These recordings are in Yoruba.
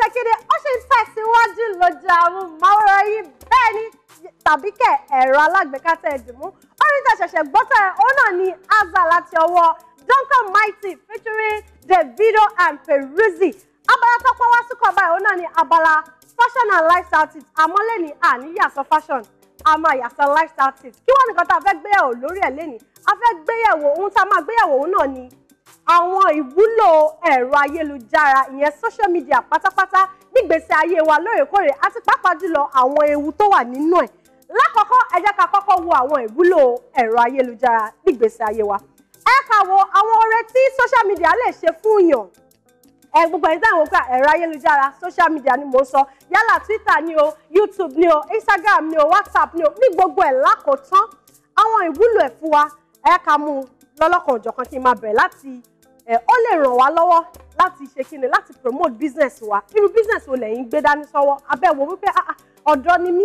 ṣèkéde ó ṣe ń tẹ̀síwájú lójú àwọn máwòrán yìí bẹ́ẹ̀ ni tàbí kẹ̀ ẹ̀rọ alágbèéká tẹ̀ dìmú ṣẹ̀ṣẹ̀ gbọ́tẹ̀ òun náà ni azza láti ọwọ́ Duncan Mighty featuring Davido and Peruzzi abala tó pọ́ wá sùkọ̀ báyìí òun náà ni abala fashion and lifestyle tips àmọ́ lẹ́ni àní yàtọ̀ fashion àmọ́ yàtọ̀ lifestyle tips kí wọ́n nìkan tá a fẹ́ gbéyàwó lórí ẹ̀ lẹ́ni a fẹ́ gbéyàwó ohun tá a máa gbéyàwó òun náà ni àwọn ìwúlò ẹ̀rọ ayélujára ìyẹn social media pátápátá nígbèsè ayé wa lóòrèkóòrè àti pàápàá jùlọ àwọn ewu tó wà nínú ẹ̀ lákọ̀ọ́kọ́ ẹ jẹ́ ká kọ́kọ́ wo àwọn ìwúlò ẹ̀rọ ayélujára nígbèsè ayé wa ẹ ká wo àwọn ọrẹ tí social media lè ṣe fún yàn ẹ gbogbo ẹni táwọn gbà ẹ̀rọ ayélujára social media ni mò ń sọ yálà Twitter ni o YouTube ni o Instagram ni o WhatsApp ni o ní gbogbo ẹ̀ lákòótán àwọn ìwúlò ẹ̀ fún wa ẹ ká mú un lọ́lọ́kan òjọ̀kan kí n máa bẹ̀rẹ̀ láti ó lè ràn wá lọ́wọ́ láti ṣe kí ni láti promote business wa irú business wo lẹ́yìn gbé dání sọ́wọ́ abẹ́wò wípé ah, ah, ọ̀dọ́ ni mí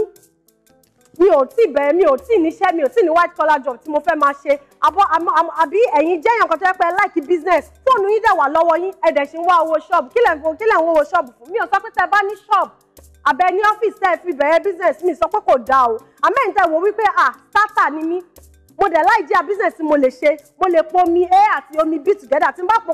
mi ò tí bẹ̀rẹ̀ mi ò tí níṣẹ́ mi ò tí ní white collar job tí mo fẹ́ máa ṣe àbí ẹ̀yin jẹ́ èèyàn kan tó yẹ pé láìkí business fóònù yín dẹ̀ wà lọ́wọ́ yín ẹ̀dẹ̀ ṣì ń wá owó ṣọ́ọ̀bù kí lẹ̀ ń kí lẹ̀ ń wọ́wọ́ ṣọ́ọ̀bù fún mi ò sọ pé tẹ́ bá ní ṣọ́ọ̀bù àbẹ ní ọ́fíìsì tẹ́ fi bẹ̀rẹ̀ business mi sọ pé kò dáa o àmẹ́ǹtẹ̀ wo wípé ah starter ni mí mo dẹ̀ láì jẹ́ business mo lè ṣe mo lè pò omi a àti omi b together tí n bá pò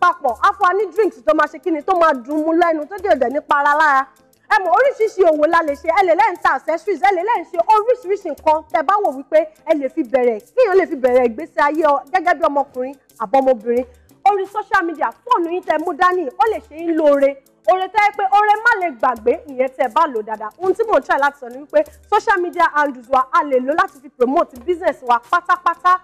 papọ̀ afọ ní drinks tó máa ṣe kíni tó máa dùn mú lẹ́nu tó dé òdẹ̀ nípa ara lára ẹ mọ̀ oríṣiríṣi òwò la lè ṣe ẹ lè lẹ́yìn ta accessories ẹ lè lẹ́yìn ṣe oríṣiríṣi nǹkan tẹ bá wò wípé ẹ lè fi bẹ̀rẹ̀ kíyàn lè fi bẹ̀rẹ̀ ìgbésí ayé ọ gẹ́gẹ́ bí ọmọkùnrin àbọ̀mọbìnrin orí social media fóònù yín tẹ́ mú dání ó lè ṣe yín lóore oore tẹ́ ẹ pé oore má lè gbàgbé ìyẹn tẹ́ bá lò dáadáa ohun tí mò ń try láti sọ ni wípé social media handles wa a lè lò láti fi promote business wa pátápátá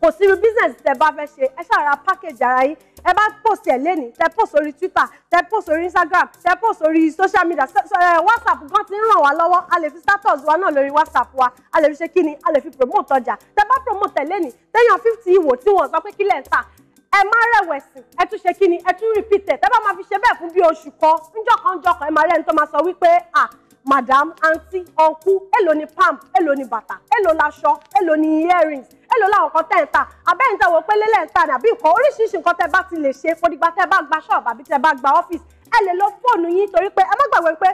kò sí irú business tẹ́ bá fẹ́ ṣe ẹ ṣàrà package ara yín ẹ bá post ẹ lẹ́ni tẹ́ post orí twitter tẹ́ post orí instagram tẹ́ post orí social media eh, whatsapp gan ti ń ràn wá lọ́wọ́ a lè fi status wa náà lórí whatsapp wa a lè fi ṣe kíni a lè fi promote ọjà tẹ́ bá promote ẹ lẹ́ni tẹ́yàn fifty ìwò tí wọ́n sọ pé kílẹ̀ ń tà ẹ má rẹ̀wẹ̀sì ẹ tún ṣe kíni ẹ tún repeat ẹ tẹ́ bá máa fi ṣe bẹ́ẹ̀ fún bí oṣù kan ńjọkan ńjọkan ẹ máa rẹ́ni tó máa sọ wípé à madam aunty uncle èlò ni palm èlò ni bàtà èlò laṣọ èlò ni earrings èlò làwọn kan tẹ̀ ń ta abẹ́yìn tẹ̀ wò pé lélẹ̀ ń ta ní àbí nǹkan oríṣiríṣi nǹkan tẹ́ bá ti lè ṣe fòdìgbà tẹ́ bá gba ṣọ́ọ̀bù àbí tẹ́ bá gba ọ́fíìsì ẹ lè lo fóònù yín torí pé ẹ má gbàgbé pé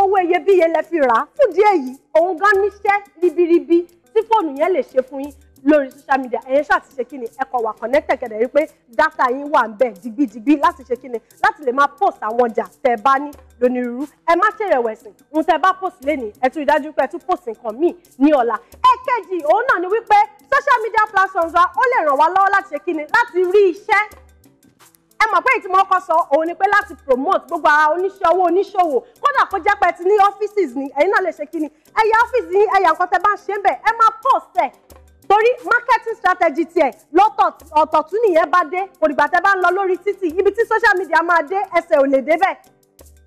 owó iyebíye lẹ fi rà á fún díẹ̀ yìí òun gan níṣẹ́ ribiribi tí fóònù yẹn lè ṣe fún yín lórí social media ẹ̀yẹn ṣáà ti ṣe kí ni ẹ̀kọ́ wà connected kẹ̀dẹ̀ rí pé data yín wà ń bẹ̀ digbidigbi láti ṣe kí ni láti lè máa post àwọn ọjà tẹ́ bá ní lónírúurú ẹ má ṣe rẹ̀wẹ̀sìn ohun tẹ́ bá post lénìí ẹ tún ìdájú pé ẹ tún post nǹkan míì ní ọ̀la ẹ̀kejì òun náà ni wípé social media platforms wa ó lè ràn wá lọ́wọ́ láti ṣe kí ni láti rí iṣẹ́ ẹ mọ̀ pé ìtumọ̀ ọkọ̀ sọ òun ni pé láti promote gbogbo ara oníṣẹ́ owó oníṣòwò kódà kó jẹ́ pé ti ní offices ni ẹ̀yin náà lè ṣe kí ni ẹ̀yà office yín ẹ̀yà nǹkan tẹ́ bá ń ṣe ń bẹ̀ ẹ máa post ẹ̀ torí marketing strategy tiẹ̀ lọ́tọ̀ ọ̀tọ̀tún nìyẹn bá dé òrìgbàtẹ́ bá ń lọ lórí títì ibi tí social media máa dé ẹsẹ̀ ò lè débẹ̀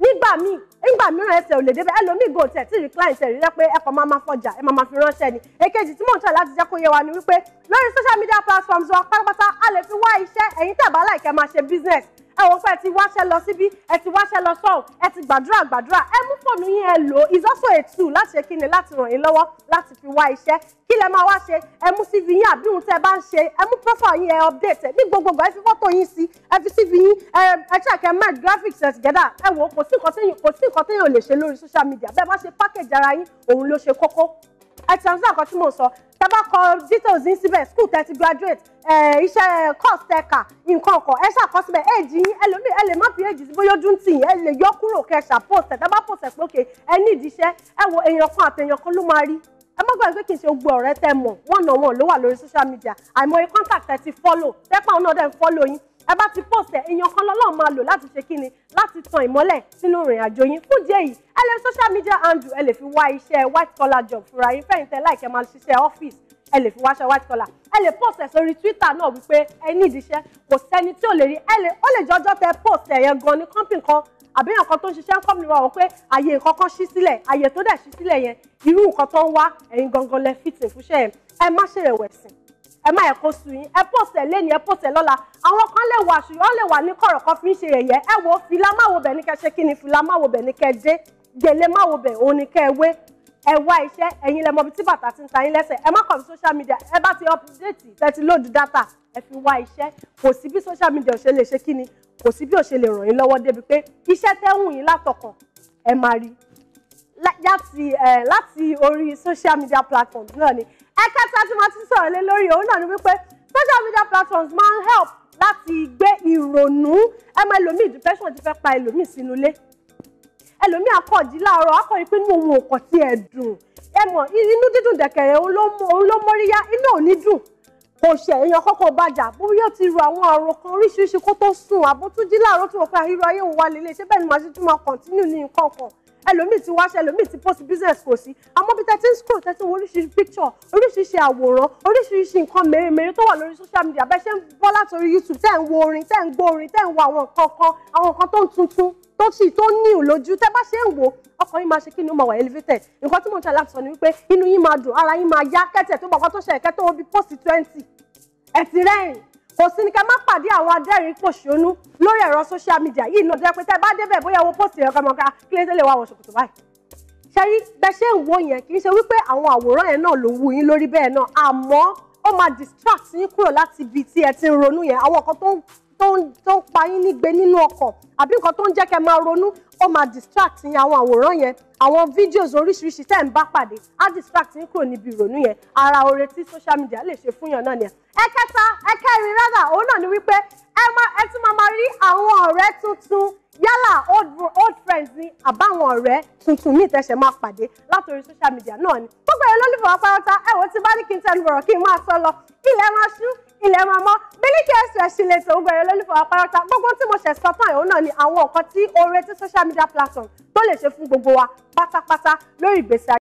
nígbà míì nígbà mìíràn ẹsẹ̀ ò lè débẹ̀ ẹlòmíì gò tẹ̀ tí recline tẹ̀ rí rẹ́ pé ẹ̀kọ́ máa ma fọjà ẹ̀ máa ma fi ránṣẹ́ ni èkejì tí mò ń tẹ̀ láti jẹ́ kó yé wa ni wípé lórí social media platforms wa pátápátá a lè fi wá iṣẹ́ ẹ̀yin tẹ̀ láìkẹ́ máa ṣe business ẹ wò pé ẹ ti wáṣẹ́ lọ síbí ẹ ti wáṣẹ́ lọ sọ́ọ̀ ẹ ti gbàdúrà gbàdúrà ẹ mú fóònù yín ẹ lò is also a tool láti ṣe kí ni láti ràn yín lọ́wọ́ láti fi wá iṣẹ́ kí lẹ máa wá ṣe ẹ mú cv yín àbí ohun tẹ́ ẹ bá ń ṣe ẹ mú profile yín ẹ update ní gbogbogbò ẹ fi fọ́tò yín sí ẹ fi cv yín ẹ ẹ check ẹ graphics ẹ together ẹ wò kò sí nǹkan téèyàn ò lè ṣe lórí social media bẹ́ẹ̀ bá ṣe package ara yín òun ló ṣe kókó ẹ ti ṣàǹtí àkọ́ tí mò ń sọ tẹ bá kọ details yín síbẹ̀ school tẹ ti graduate iṣẹ́ course tẹ kà nǹkan ọkọ̀ ẹ ṣàkọsíbẹ̀ èjì yín ẹlòmíì ẹ lè má fi èjì bóyá ojú ń tì yín ẹ lè yọ kúrò kẹṣà post ẹ tẹ bá post ẹ pé òkè ẹ ní ìdíṣẹ́ ẹ wo èèyàn kan àti èèyàn kan ló máa rí ẹ má gbàgbé kì í ṣe gbogbo ọ̀rẹ́ tẹ mọ̀ wọ́n náà wọ́n ló wà lórí social media àìmọye contact ẹ ti follow tẹ́pà ọ̀nà ọ̀dẹ̀ ń follow yín ẹ bá ti post ẹ èèyàn kan lọ́lọ́ máa lò láti ṣe kíni láti tan ìmọ́lẹ̀ sínú ìrìn àjò yín fún díẹ̀ yìí ẹ lè social media handle ẹ lè fi wá iṣẹ́ white collar job fúnra yín fẹ̀yìntẹ́ láìkẹ́ máa ṣiṣẹ́ ọ́fíìsì ẹ lè fi wáṣọ white collar ẹ lè post sórí twitter náà wípé ẹ ní ìdíṣẹ́ kò sẹ́ni tí ò lè rí ẹ lè ó lè jọjọ́ tẹ post ẹ yẹn gan ní company kan àbí nǹkan tó ń ṣiṣẹ́ ń kọ́ mi wá wọ́n pé àyè kankan ṣí sílẹ̀ àyè tó dẹ̀ ṣí sílẹ̀ yẹn irú nǹkan tó ń wá ẹ̀yin gangan lẹ fìtì fúnṣẹ́ ẹ má ṣèrèwẹ̀sìn ẹ má ẹ̀kọ́ sùn yín ẹ pòsẹ̀ lẹ́ni ẹ pòsẹ̀ lọ́la àwọn kan lè wà ṣùgbọ́n lè wà ní kọ̀rọ̀ kan fi ń ṣe yẹ̀yẹ́ ẹ wo fìlà máwo bẹ̀ ní kẹ́ kí ni fìlà máwo bẹ̀ ní kẹ́ dé gèlè máwo bẹ̀ òun ni kẹ́ ẹ wé ẹ wá iṣẹ́ ẹ̀yin lẹ mọbi tí bàtà ti ń ta yín lẹ́sẹ̀ ẹ má kàn fi social media ẹ bá ti update tẹ́tí lóòdù data ẹ fi wá iṣẹ́ kò sí bí social media ò ṣe lè ṣe kí ni kò sí bí ò ṣe lè ràn yín lọ́wọ́ débi pé iṣẹ́ tẹ́hùn yín látọkàn ẹ máa rí láti ẹ eh, láti orí social media platforms náà ni ẹ̀kẹta tí màá ti sọ̀rọ̀ lé lórí òun náà ni wípé social media platforms máa ń help láti gbé ìrònú ẹ mọ ẹlòmíì depression ti fẹ́ pa ẹlòmíì sínú ilé ẹlòmíì akọ̀jí láàárọ̀ akọ̀yí pé inú òun ọkọ̀ tí ẹ̀ dùn ẹ mọ̀ inú dídùn dẹ̀kẹ̀rẹ̀ òun ló móríyá inú ò ní dùn kò ṣe èèyàn kọ́kọ́ bàjá bóyá ti ru àwọn àrùn kan oríṣiríṣi kó tó sùn àbótújí láàárọ̀ tó wọ́n pé àhírò ayé òun wà lélẹ̀ ṣé bẹ́ẹ̀ ni màá ṣe tún máa kọ̀ntínú ní nǹkan kan ẹlòmíì ti wáṣẹ ẹlòmíì ti post business kò sí àmọ́ bí tẹ́tí ń scroll tẹ́tí wo oríṣiríṣi picture oríṣiríṣi àwòrán oríṣiríṣi nǹkan mèremère tó wà lórí social media bẹ́ẹ̀ ṣe ń bọ́ látòrí YouTube tẹ́ ń wo orin tẹ́ ń gbọ́ orin tẹ́ ń wo àwọn nǹkan kan àwọn nǹkan tó ń tuntun tó sì tó níhù lójú tẹ́ bá ṣe ń wo ọkàn yín máa ṣe kí ni ó máa wà elevated nǹkan tí mo ń ṣe láti sọ ni wípé inú yín máa dùn ara yín máa yá kẹ́tẹ̀ tó bọ̀ kọ́ tó ṣe ẹ̀kẹ́ tó wọ́n bí post twenty ẹ̀tì rẹ́rìn kò sí ni ká má pàdé àwọn adẹ́rìn pòṣónú lórí ẹ̀rọ social media yìí náà jẹ́ pé tẹ́ bá débẹ̀ bóyá owó post yẹn kọ́mọ ká kí lè wá àwọn ṣòkòtò báyìí. ṣẹ́yí bẹ́ẹ̀ ṣe yẹn kì í ṣe wípé àwọn àwòrán yẹn náà ló wù yín lórí bẹ́ẹ̀ náà àmọ́ ó máa distract yín kúrò láti ibi tí ẹ ti ń ronú yẹn àwọn nǹkan tó tó ń tó ń pa yín nígbe nínú ọkọ̀ àbí nǹkan tó ń jẹ́ kẹ́ máa ronú ó máa distract yín àwọn àwòrán yẹn àwọn videos oríṣiríṣi tẹ́ ń bá pàdé á distract yín kúrò níbi ìrònú yẹn ara oore tí social media lè ṣe fún yàn náà nìyẹn. ẹ̀kẹta ẹ̀kẹrin rárá òun náà ni wípé ẹ máa ẹ tún máa máa rí àwọn ọ̀rẹ́ tuntun yálà old old friends ni àbáwọn ọ̀rẹ́ tuntun míì tẹ̀sẹ̀ máa pàdé látòrí social media náà ni gbogbo ẹ̀ lólùfọ̀ọ́ pátá ẹ̀wọ̀n ti bá ní kí n tẹnu bọ̀rọ̀ kí n máa sọ lọ ilẹ̀ máa ṣú ilẹ̀ máa mọ́ Miliki Express ilé tó ń gbẹ̀rẹ̀ lólùfọ̀ apárátá gbogbo tí mo ṣẹ̀ sọ tán ẹ̀hún náà ni àwọn nǹkan tí oore tí social media platform tó lè ṣe fún gbogbo wa pátápátá lórí ìgbésí ayé